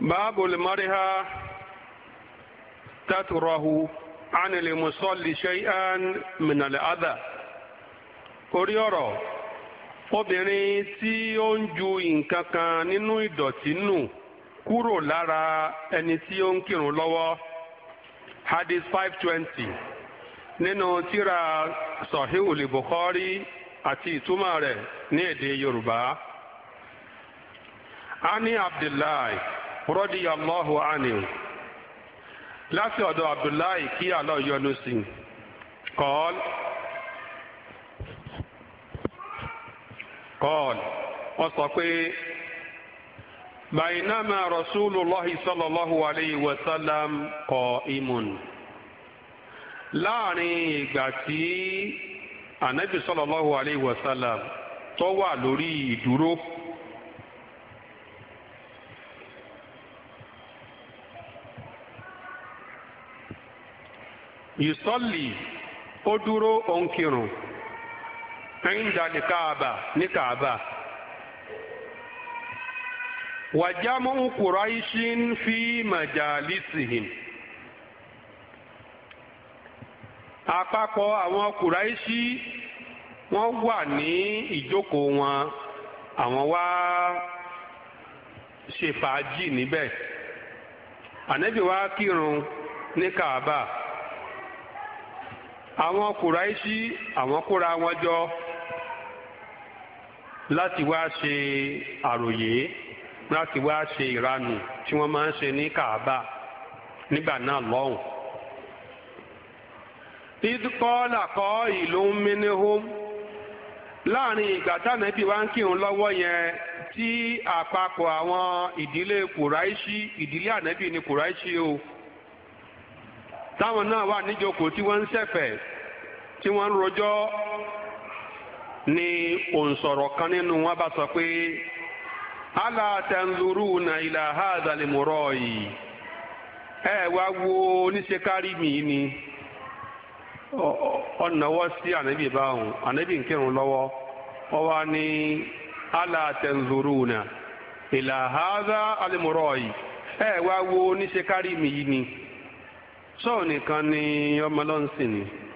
باب المرها تتره عن المصلي شيئا من الأذى orí ọ̀rọ̀ obìnrin tí ó ń ju nǹkan kan nínú ìdọ̀tí nù kúrò lára ẹni tí ó ń kírun lọ́wọ́ hadith five twenty nínú tírà sahihul bukhari àti ìtumọ̀ rẹ̀ ní èdè yorùbá. ani abdullahi radiyallahu anhu láti ọ̀dọ̀ abdullahi kí Allah yọ́nú sí i kọ́ọ́l kọ́ọ́l wọ́n sọ pé bainama rasulullahi sallallahu alayhi wa sallam qa'imun láàrin ìgbà tí anabi sallallahu alayhi wa tó wà lórí ìdúró. yusọ́lì ó dúró òǹkìrùn ẹ̀yìndàlì káàbà ní káàbà. wàjámọ́ kùráìṣì ń fi màjàlísìhìn. àpapọ̀ àwọn kùráìṣì wọ́n wà ní ìjókòó wọn àwọn wá ṣe fàájì níbẹ̀ ànábì wá kírun ní káàbà. àwọn kùráìṣì àwọn kura wọn jọ láti wá ṣe àròyé láti wá ṣe ìranù tí wọ́n máa ń ní Kaaba nígbà náà lọ́hùn. ìdúkọ́lá kọ́ ìlú mínihóm láàrin ìgbà tánàbí wa ń kírun lọ́wọ́ yẹn tí àpapọ̀ àwọn ìdílé kùráìṣì ìdílé ni o táwọn náà wà tí wọ́n ń tí wọ́n ń rojọ́ ni òǹsọ̀rọ̀ kan nínú wọn bá sọ pé ala tanzuruna ila hadha al-mura'i ẹ wá wo oníṣe mi ni ọ̀nàwọ́ sí ànábì báwọn ànábì ń kírun lọ́wọ́ wọ́n wá ní ala tanzuruna ila hadha al-mura'i ẹ wá wo oníṣe mi ni sọ́ọ̀ nìkan ni ọmọ lọ́nsìn ni. So,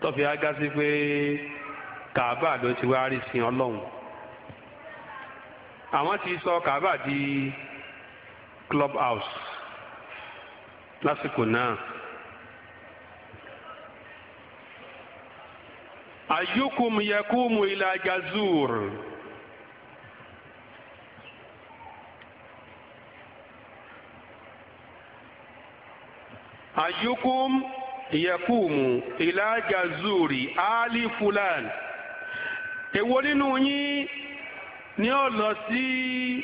tọ́fi ágá sí pé kàábà ló ti wá rí sin ọlọ́run àwọn ti sọ kàábà di club house lásìkò náà. ayukum yakumu ila gazur. ayukum yakumu ila jazuri ali fulan Ewo nínú ni ó lọ si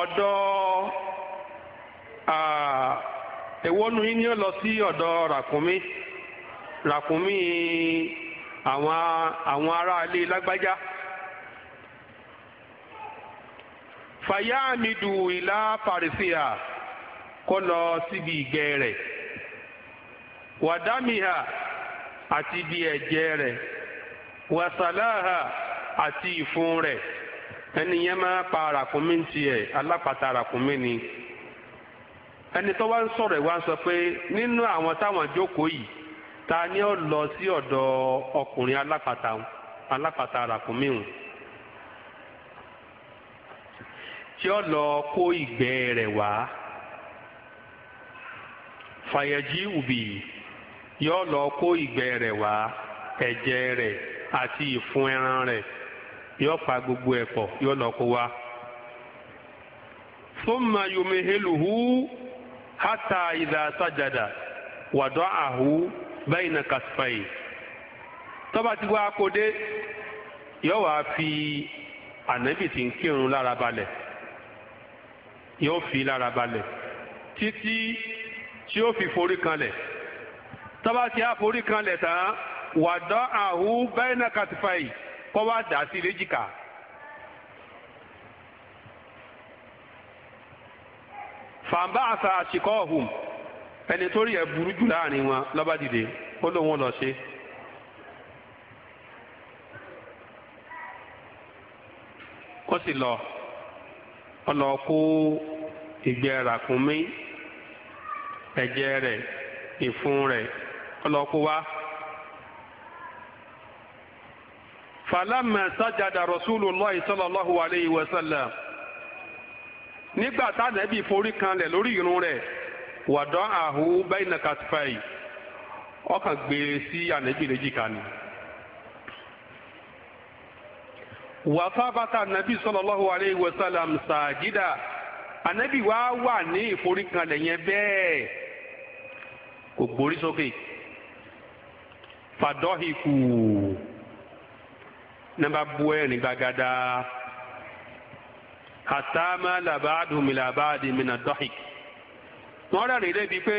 ọ̀dọ̀ Rakumi nínú yín ni ó lọ sí ọ̀dọ̀ ràkúnmí ràkúnmí àwọn àwọn wàdámìhà àti ibi ẹ̀jẹ̀ rẹ̀ wàsálàhà àti ìfun rẹ̀ ẹnìyẹn máa pa ràkúnmí tiẹ̀ alápàtà ràkúnmí ni ẹni tó wá ń sọ̀rọ̀ ẹ̀ wá ń sọ pé nínú àwọn táwọn jókòó yìí ta ni ó lọ sí ọ̀dọ̀ ọkùnrin alápàtà alápàtà ràkúnmí hùn tí ó lọ kó ìgbẹ́ rẹ̀ wá fàyẹ̀jì ùbì yóò lọ kó ìgbẹ́ rẹ̀ wá ẹ̀jẹ̀ rẹ̀ àti ìfun ẹran rẹ̀ yóò pa gbogbo ẹ̀ pọ̀ yóò lọ kó wá. thumma yumihiluhu hatta idha sajada wada'ahu bayna kasfai tọ́ba ti wá kó dé yóò wá fi ànábì tí ń kírun lára balẹ̀ yóò fi lára balẹ̀ títí tí ó fi forí kanlẹ̀ tọ́ba ti àforí kan lẹ̀ tán wàdọ́ àhú bẹ́ẹ̀nà kàtìfàì kọ́ wá dà sí léjìká. fàǹbà àṣà àṣìkọ́ ọ̀hún ẹni tó rí ẹ̀ burú jù láàrin wọn lọ́ba dìde ó lóun lọ ṣe. ó sì lọ ó lọ kó ìgbẹ́ ràkúnmí ẹ̀jẹ̀ rẹ̀ ìfun rẹ̀ ọlọ́kú wa. falama sajada rasulillah sallallahu alayhi wa sallam nígbà tá nàbí forí kanlẹ̀ lórí irun rẹ̀ wàdán àhú bẹ́ẹ̀ nà kàtìfàì ọkàn gbé sí ànábì léjìká ni. wàfábàtà nàbí sallallahu alayhi wa sallam sàjídà ànábì wa wà ní ìforí kanlẹ̀ yẹn bẹ́ẹ̀ kò gborí sókè. Okay fàdọ́hìkù nàbà bu ẹ̀rín gbàgàdà àtàmà làbàdùmìlàbàdì mìnà dọ́hìk wọ́n rẹ́rìn débi pé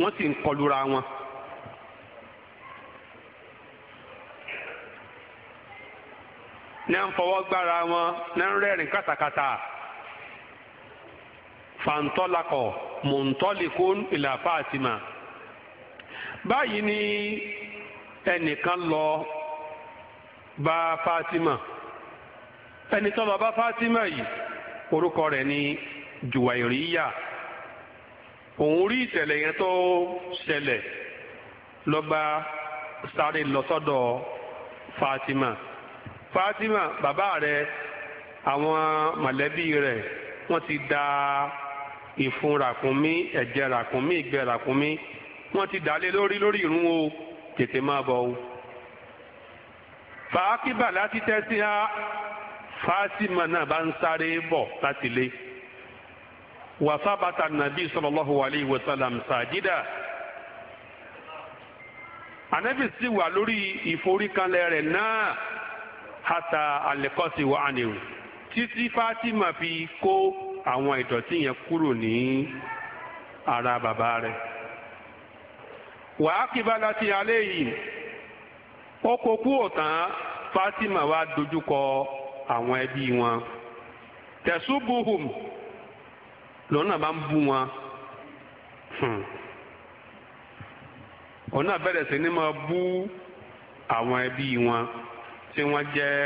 wọ́n sì ń kọlura wọn. ní à ń fọwọ́ gbára wọn ní à ń rẹ́rìn kàtàkàtà fàǹtọ́lakọ̀ mọ̀ǹtọ́lẹ̀kọ́ ìlà báyìí ni ẹnìkan lọ bá Fatima ẹni tó lọ bá Fatima yìí orúkọ rẹ̀ ni Juwairiya òun rí ìṣẹ̀lẹ̀ yẹn tó ṣẹlẹ̀ ló sáré lọ Fatima Fatima bàbá rẹ̀ àwọn mọ̀lẹ́bí rẹ̀ wọ́n ti da ìfun ràkúnmí ẹ̀jẹ̀ ràkúnmí ìgbẹ́ ràkúnmí wọ́n ti dálé lórí lórí ìrún o tètè máa bọ̀ o. fàákìbà láti tẹ́sí á fásímà náà bá ń sáré bọ̀ láti lé. wàsábàtà nàbí sallallahu alayhi wa sallam sàjídà. ànábì sì wà lórí ìforíkanlẹ̀ rẹ̀ náà hàtà àlẹ́kọ́sí wa ànìrò títí fásímà fi kó àwọn ìdọ̀tí yẹn kúrò ní ara bàbá rẹ̀ wàá kíbalá ti alẹ́ yìí ó kó kú òtán Fatima wá dojúkọ àwọn ẹbí wọn tẹ̀sù buhum lọ́nà bá ń bú wọn hmm. ọ̀nà bẹ̀rẹ̀ sí ni máa bú àwọn ẹbí wọn tí wọ́n jẹ́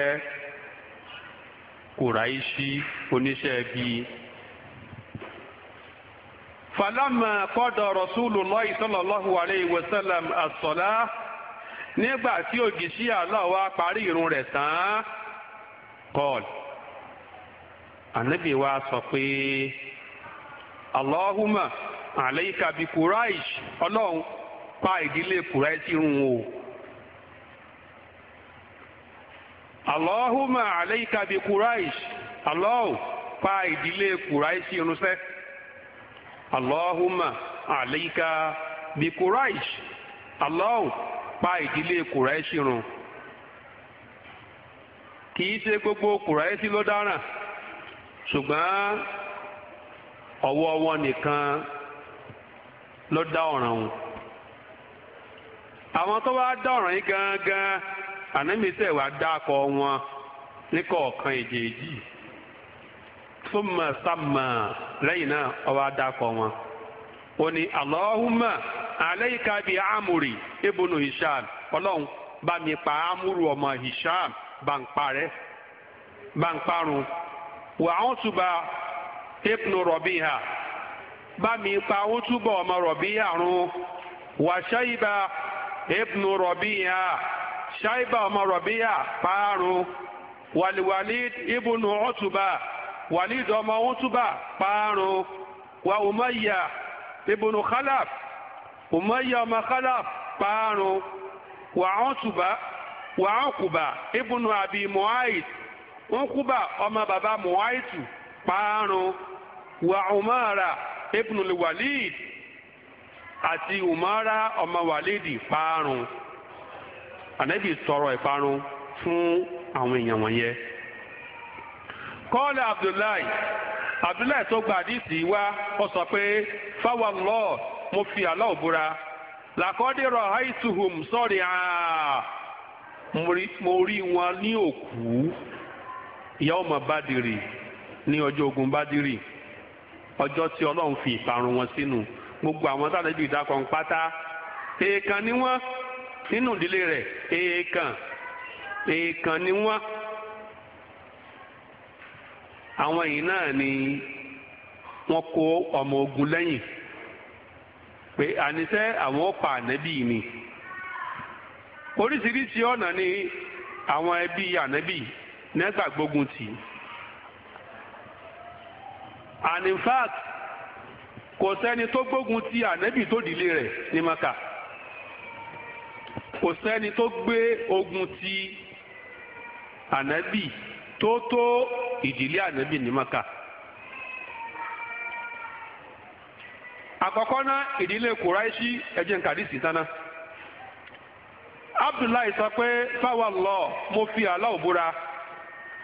kùráìṣí oníṣẹ́ bíi. فلما قضى رسول الله صلى الله عليه وسلم الصلاة nígbà tí ògìsí Allah wá parí irun rẹ̀ tán wa sọ pé Allahumma alayka bi Quraish ọlọ́run pa ìdílé irun o irun Allahumma àlẹ́yíká bí Quraish Allahu pa ìdílé Quraish run kì í ṣe gbogbo Quraish ló dáràn ṣùgbọ́n ọwọ́ wọn nìkan ló dá ọ̀ràn wọn àwọn tó wá dá ọ̀ràn yìí gangan ànámísẹ̀ wá dá wọn ní kọ̀ọ̀kan thumma samma lẹ́yìn náà ọba dákọ̀ wọn. ó ní Allahumma alayka bi amuri ibnu Hisham ọlọ́run bá mi pa amúrù ọmọ Hisham bá ń parẹ́ bá ń parun wà á ń tuba ibnu Rabiha bá mi pa ó túbọ̀ ọmọ Rabiha run wà Shayba ibnu Rabiha Shayba ọmọ Rabiha parun wàlíwàlí ibnu Utba wàlíd ọmọ wútúbà paarun wa umaya, ibùnú khalaf umaya ọmọ khalaf paarun wa ọtúbà wa ọkùbà ibùnú àbí muhait ọkùbà ọmọ bàbá muhaitu paarun wa umara ibùnú walid ati umara ọmọ walidi paarun ànábì sọ̀rọ̀ ìparun fún àwọn èèyàn wọ̀nyẹn. kọ́ọ̀lì abdullahi abdullahi tó gba àdìsí wa ó sọ pé fáwọn lọ mo fi àlọ́ òbúra làkọ́dẹ̀rọ̀ àìsùhùm sọ́ọ̀rì mo rí wọn ní òkú ìyá mọ bádìrì ní ọjọ́ ogun ọjọ́ tí ọlọ́run fi ìparun wọn sínú gbogbo àwọn pátá èèkàn ni wọ́n nínú ìdílé rẹ̀ èèkàn èèkàn ni wọ́n àwọn yìí náà ni wọn kó ọmọ ogun lẹ́yìn pé àníṣe àwọn pa ànábì ni oríṣiríṣi ọ̀nà ni àwọn ẹbí ànábì nígbà gbógun tì and in fact kò sẹ́ni tó gbógun ti ànábì tó dìlé rẹ̀ ní maka kò sẹ́ni tó gbé ogun ti ànábì tó tó ìdílé ànábì ní maka. àkọ́kọ́ ná ìdílé kùráìṣì ẹ̀jẹ̀ nkàdísì tánná. abdullahi sọ pé fáwọn lọ mo fi àlọ́ òbúra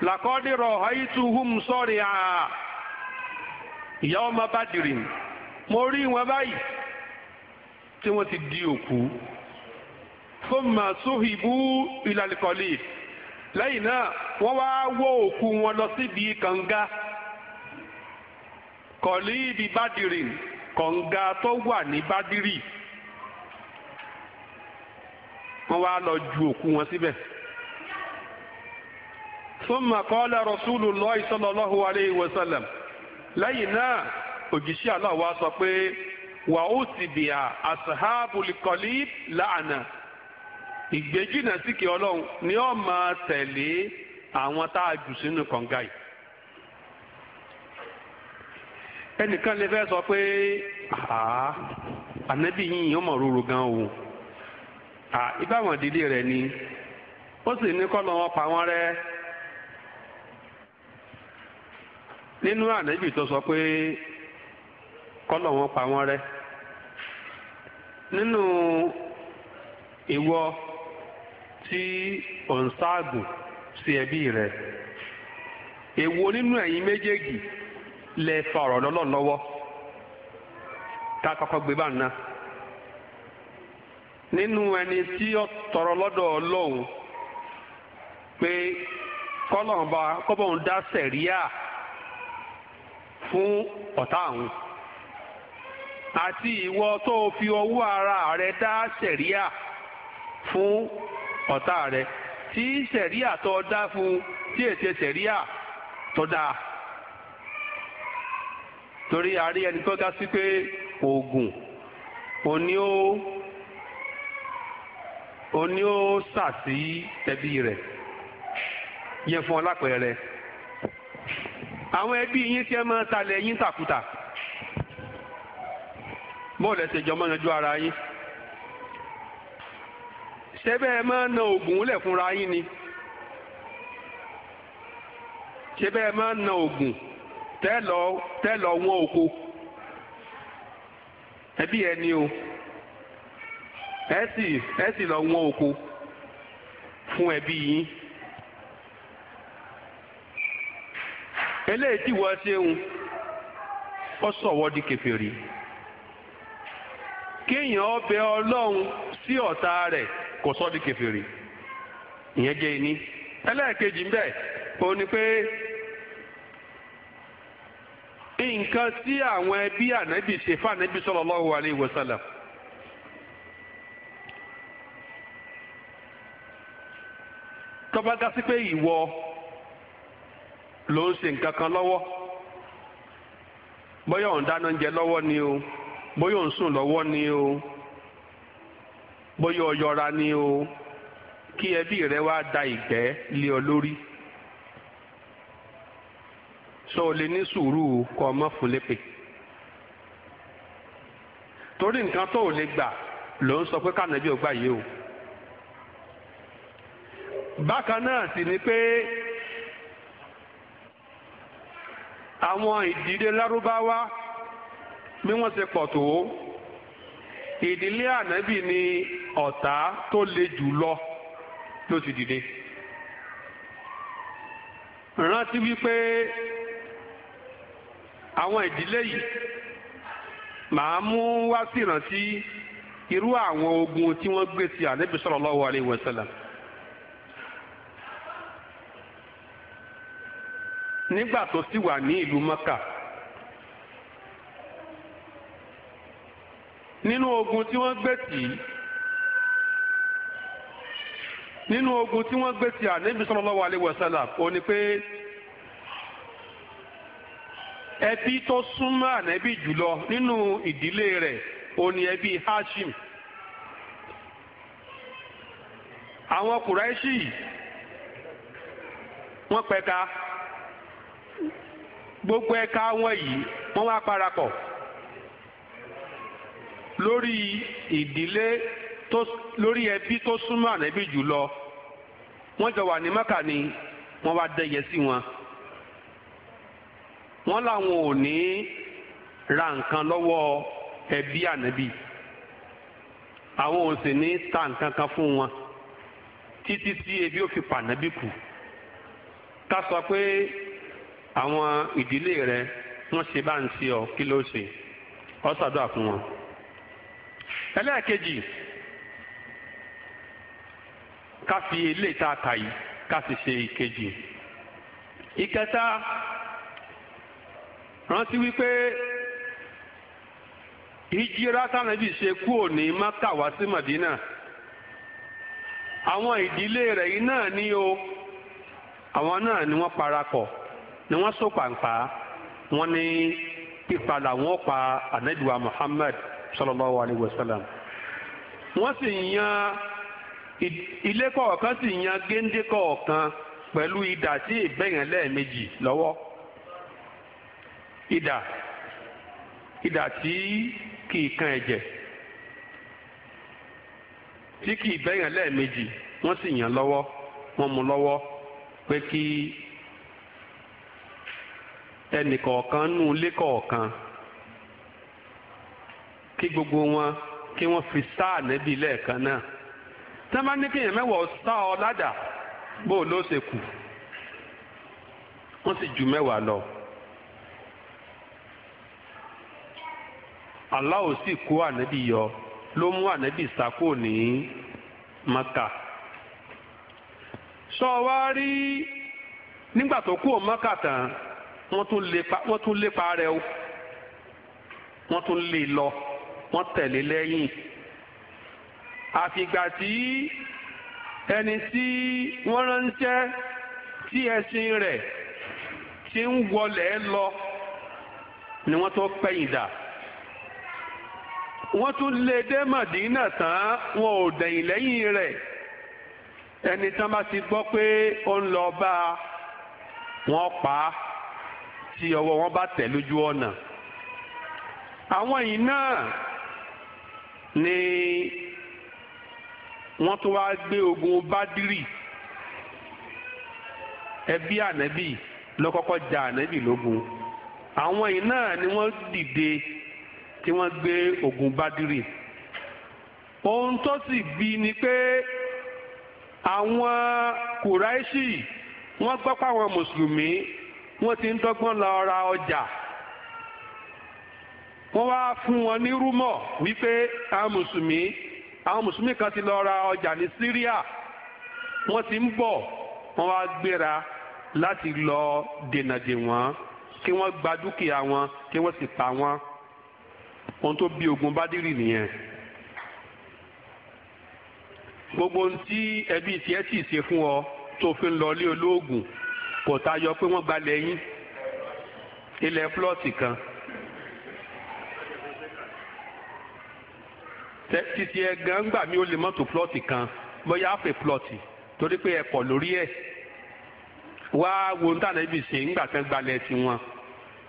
làkọ́dìrọ̀ ayítuhùm sọ́ọ̀rì àà ìyá ọmọ bá dìrìn mo rí wọn báyìí tí wọ́n ti di òkú. fún màsóhìbú ìlàlìkọ́lì. lẹ́yìn náà wọ́n wá wó òkú wọn lọ síbi kànga kọ̀lí ibi bádìrì kànga tó wà ní bádìrì wọ́n wá lọ ju òkú wọn síbẹ̀. ثم قال رسول الله صلى الله عليه وسلم lẹ́yìn náà òjíṣẹ́ Allah wá sọ pé sì bìà àṣàhábùlì kọ̀lí làánà. ìgbéjìnà síkì ọlọ́run ni ó máa tẹ̀lé àwọn tá a jù sínú kànga yìí. ẹnìkan lè fẹ́ sọ pé ànábì yìnyín ọmọ rúru gan o ìbáwọn ìdílé rẹ̀ ni ó sì ní kọ́lọ́ wọn pa wọ́n rẹ́ nínú ànábì tó sọ pé kọ́lọ̀ wọn pa wọ́n rẹ́ nínú ìwọ tí ò sí ẹbí rẹ̀ èwo nínú ẹ̀yin méjèèjì lè fa ọ̀rọ̀ lọ́lọ́ lọ́wọ́ tá kọ́kọ́ gbé bá nínú ẹni tí ó tọrọ lọ́dọ̀ pé kọ́bọ̀n dá sẹ̀ríà fún ọ̀tá àwọn àti ìwọ tó fi ọwọ́ ara rẹ dá sẹ̀ríà fún ọ̀tá rẹ̀ tí sẹ̀ríà tó dá fún tí ètè sẹ̀ríà tó dáa torí a ẹni tó sí pé oògùn òní ó òní ó sà sí ẹbí rẹ̀ yẹn fún ọ lápẹẹrẹ àwọn ẹbí yín tí ẹ talẹ̀ yín tàkùtà bọ́ọ̀lù ẹsẹ̀ ìjọba yanjú ara yín. Sebe ẹ máa na ògùn lẹ̀ fúnra yín ni ṣẹ́bẹ́ ẹ máa na ògùn tẹ́lọ tẹ́lọ oko ẹbí ẹ ní o ẹ sì lọ wọn oko fún ẹbí yín. eléyìí tí wọ́n ṣe ń ọ sọ̀wọ́ di kèfèrí kéèyàn ọbẹ̀ ọlọ́run sí ọ̀tá rẹ̀. kò sọ́ di kèfèrí ìyẹn jẹ́ ìní ẹlẹ́ẹ̀kejì ńbẹ ó ní pé nǹkan tí àwọn ẹbí ànábì ṣe fáànábì sallallahu alaihi wasallam. tọ́ba dá sí pé ìwọ ló ń ṣe nǹkan kan lọ́wọ́ bóyá ò ń dáná oúnjẹ lọ́wọ́ ni o bóyá ni o bóyá ọyọra ni o kí ẹbí rẹ wá da ìgbẹ́ lé ọ lórí so o lè ní sùúrù kọ ọmọ fún lépè torí nǹkan tó o lè gbà ló ń sọ pé kànáàbí ò gbà yé o bákan náà sì ni pé àwọn ìdílé lárúbáwá bí wọ́n ṣe pọ̀ tó o ìdílé ànábì ni ọ̀tá tó le jù lọ ló ti dìde rántí wípé àwọn ìdílé yìí màá mú wá sí ìrántí irú àwọn ogun tí wọ́n gbé ti ànábì sallallahu alaihi wasallam. nígbà tó sì wà ní ìlú Mẹ́kà nínú ogun tí wọ́n gbé tì í nínú ogun tí wọ́n gbé tì ànábì sallallahu alaihi wasallam ó ní pé ẹbí tó súnmọ́ ànábì jùlọ nínú ìdílé rẹ̀ ó ní ẹbí Hashim àwọn Kùráíṣì wọ́n pẹ̀ka gbogbo ẹ̀ka wọn wọ́n wá parapọ̀ lórí ìdílé tó lórí ẹbí tó súnmọ́ ànábì jùlọ wọ́n jọ wà ní mẹ́kà ni wọ́n wá dẹyẹ sí wọn. wọ́n làwọn ò ní ra nǹkan lọ́wọ́ ẹbí ànábì àwọn ò sì ní ta nǹkan kan fún wọn títí tí ebi ò fi pa ànábì kù ká sọ pé àwọn ìdílé rẹ wọ́n ṣe bá ń ṣe ọ kí ló ṣe ọ ṣàdúrà fún wọn. ẹlẹ́ẹ̀kejì ká fi ile ta ka yi ka ká fi ṣe ìkejì ìkẹta rántí wípé ìjírá tánàbí ṣe kúrò ní Mákà wá sí Màdínà àwọn ìdílé rẹ̀ yìí náà ní o àwọn náà ni wọ́n parapọ̀ ni wọ́n so pàǹpà wọ́n ní pípa làwọn pa aneduwa muhammed. sallallahu alayhi wa sallam wọ́n sì yan ilé kọ̀ọ̀kan sì yan géńdé kọ̀ọ̀kan pẹ̀lú idà tí ìgbẹ̀yàn lẹ́ẹ̀mejì lọ́wọ́ idà idà tí kì í kan ẹ̀jẹ̀ tí kì í bẹ̀yàn lẹ́ẹ̀mejì wọ́n sì yàn lọ́wọ́ wọ́n mú lọ́wọ́ pé kí ẹnì kọ̀ọ̀kan nù ilé kọ̀ọ̀kan kí gbogbo wọn kí wọ́n fi sá ànẹ́bí lẹ́ẹ̀kan náà tí wọ́n bá ní kéèyàn mẹ́wàá sá ọ ládà bó ló ṣe kù wọ́n sì ju mẹ́wàá lọ. Allah ò sì kó ànẹ́bí yọ ló mú ànẹ́bí sákò ní Maka. sọ wá rí nígbà tó kú Maka tán wọ́n tún lépa rẹ̀ wọ́n tún lé e lọ wọ́n tẹ̀lé lẹ́yìn àfìgbà tí ẹni tí wọ́n ránṣẹ́ tí ẹṣin rẹ̀ ti ń wọlé lọ ni wọ́n tó pẹ̀yìn dà wọ́n tún lé dé Màdínà tán wọn ò dẹ̀yìn lẹ́yìn rẹ̀ ẹni tán bá ti gbọ́ pé ó ń lọ bá a wọ́n pa á tí ọwọ́ wọn bá tẹ̀ lójú ọ̀nà àwọn yìí náà Ni wọ́n tún wá gbé ogun bádìrì ẹbí ànábì ló kọ́kọ́ ja ànábì lógun àwọn yìí náà ni wọ́n dìde tí wọ́n gbé ogun bádìrì ohun tó sì bí ni pé àwọn kùráìṣì wọ́n gbọ́ pàwọn mùsùlùmí wọ́n ti ń dọ́gbọ́n lọ ra ọjà. Ja wọ́n wá fún wọn ní rúmọ̀ wípé àwọn mùsùlùmí àwọn mùsùlùmí kan ti lọ ra ọjà ní Syria wọ́n ti ń bọ̀ wọ́n wá gbéra láti lọ dènà dè wọ́n kí wọ́n gba dúkìá wọn kí wọ́n sì pa wọ́n ohun tó bí ogun Bádírì nìyẹn gbogbo ohun tí ẹbí tiẹ̀ sì ṣe fún ọ tó fi ń lọ ilé olóògùn kò tayọ pé wọ́n gbalẹ̀ yín ilẹ̀ flọ́ọ̀tì kan. títí ẹ gan gbà mí ó lè mọ́tò plọ́ọ̀tì kan bóyá àfẹ́ plọ́ọ̀tì torí pé ẹ kọ̀ lórí ẹ̀ wá wo ń tànà ibi sè ńgbà tán gbalẹ̀ tiwọn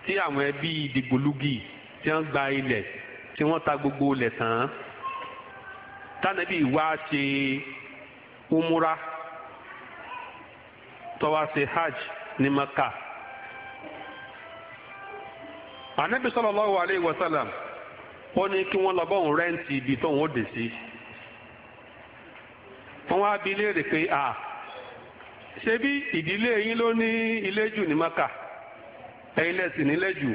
tí àwọn ẹbí ìdìgbòlugi tí wọ́n gba ilẹ̀ tí wọ́n ta gbogbo ilẹ̀ tán tànà ibi wá ṣe umura tó wá ṣe hajj ní Maka anabi sallallahu alayhi wa sallam ó ní kí wọ́n lọ bọ́ọ̀n rẹ́ǹtì ibi tóun ó dé sí wọ́n wá bi léèrè pé à ṣebí ìdílé yín ló ní ilé jù ní maka ẹ̀yin lẹ́sìn nílẹ̀ jù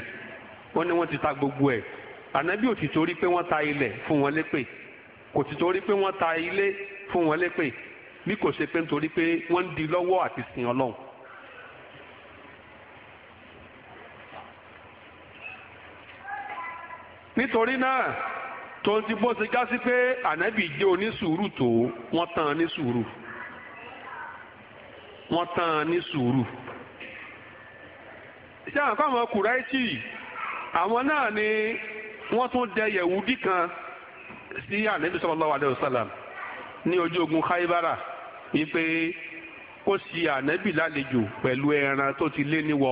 wọ́n ní wọ́n ti ta gbogbo ẹ̀ ànábì ò ti torí pé wọ́n ta ilẹ̀ fún wọn lépè kò ti torí pé wọ́n ta ilé fún wọn lépè bí kò ṣe pé nítorí pé wọ́n ń di lọ́wọ́ àti sìn ọlọ́run nítorí náà tó ti bó ṣe já sí pé ànábì jẹ́ onísùúrù tó wọ́n tán ní sùúrù wọ́n tán ní sùúrù. ṣé àwọn káwọn kùráìtì àwọn náà ni wọ́n tún dẹ yẹ̀wùdí kan sí ànábì sallallahu alaihi wasallam ní ojú ogun Khaibara wípé kó ṣì ànábì lálejò pẹ̀lú ẹran tó ti lé níwọ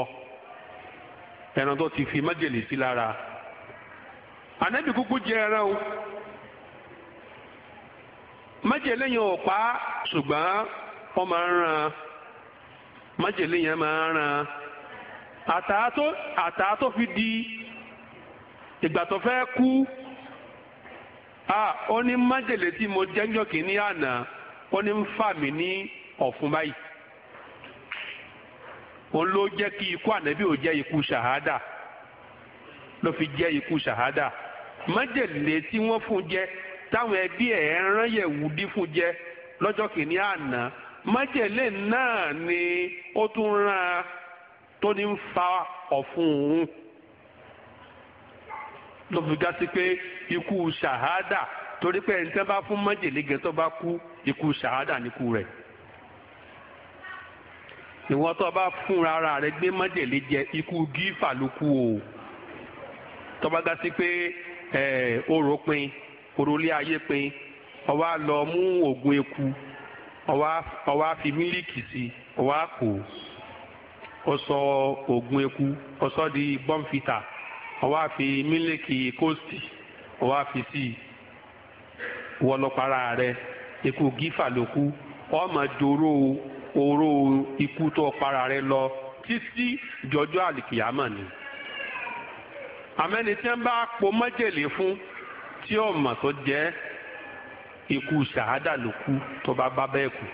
ẹran tó ti fi májèlé sí lára. ànábì kuku jẹ ẹran o májèlé yẹn ò pa á ṣùgbọ́n máa ń májèlé yẹn máa ń fi di ìgbà fẹ kú a ó ní májèlé tí mo jẹ́ kìíní àná ó ní ń fà mí ní ọ̀fun báyìí òun ló kí ikú ànábì ò jẹ́ ikú ikú ṣàhádà. májèlé tí wọ́n fún jẹ táwọn ẹbí ẹ̀ rán Yẹ̀wùdí fún jẹ lọ́jọ́ kìíní àná májèlé náà ni ó tún rán tó ní ń fa ọ̀fun òun ló fi gá sí pé ikú ṣàhádà torí pé ẹni tí wọ́n bá fún májèlé gẹ̀ tó bá kú ikú ṣàhádà níkú rẹ̀ ìwọ́n tó bá fúnra ara rẹ̀ gbé májèlé jẹ ikú gífà ló kú o tó gá sí pé oró pin orólé ayé pin ọwá lọ mú oògùn eku ọwá fi mílíkì sí ọwá kò ó sọ oògùn eku ó sọ di bọ́ǹfìtà ọwá fi mílíkì kóòsì ọwá fi sí i wọ́n lọ para rẹ̀ ikú gífà ló kú ọmọ dòró oró ikú tó para rẹ̀ lọ títí jọjọ́ àlìkìyàmọ̀ ni àmẹ́ni tí wọ́n bá po májèlé fún tí ọ̀mà tó jẹ́ ikú sàádà ló kú tó bá bá bẹ́ẹ̀ kú.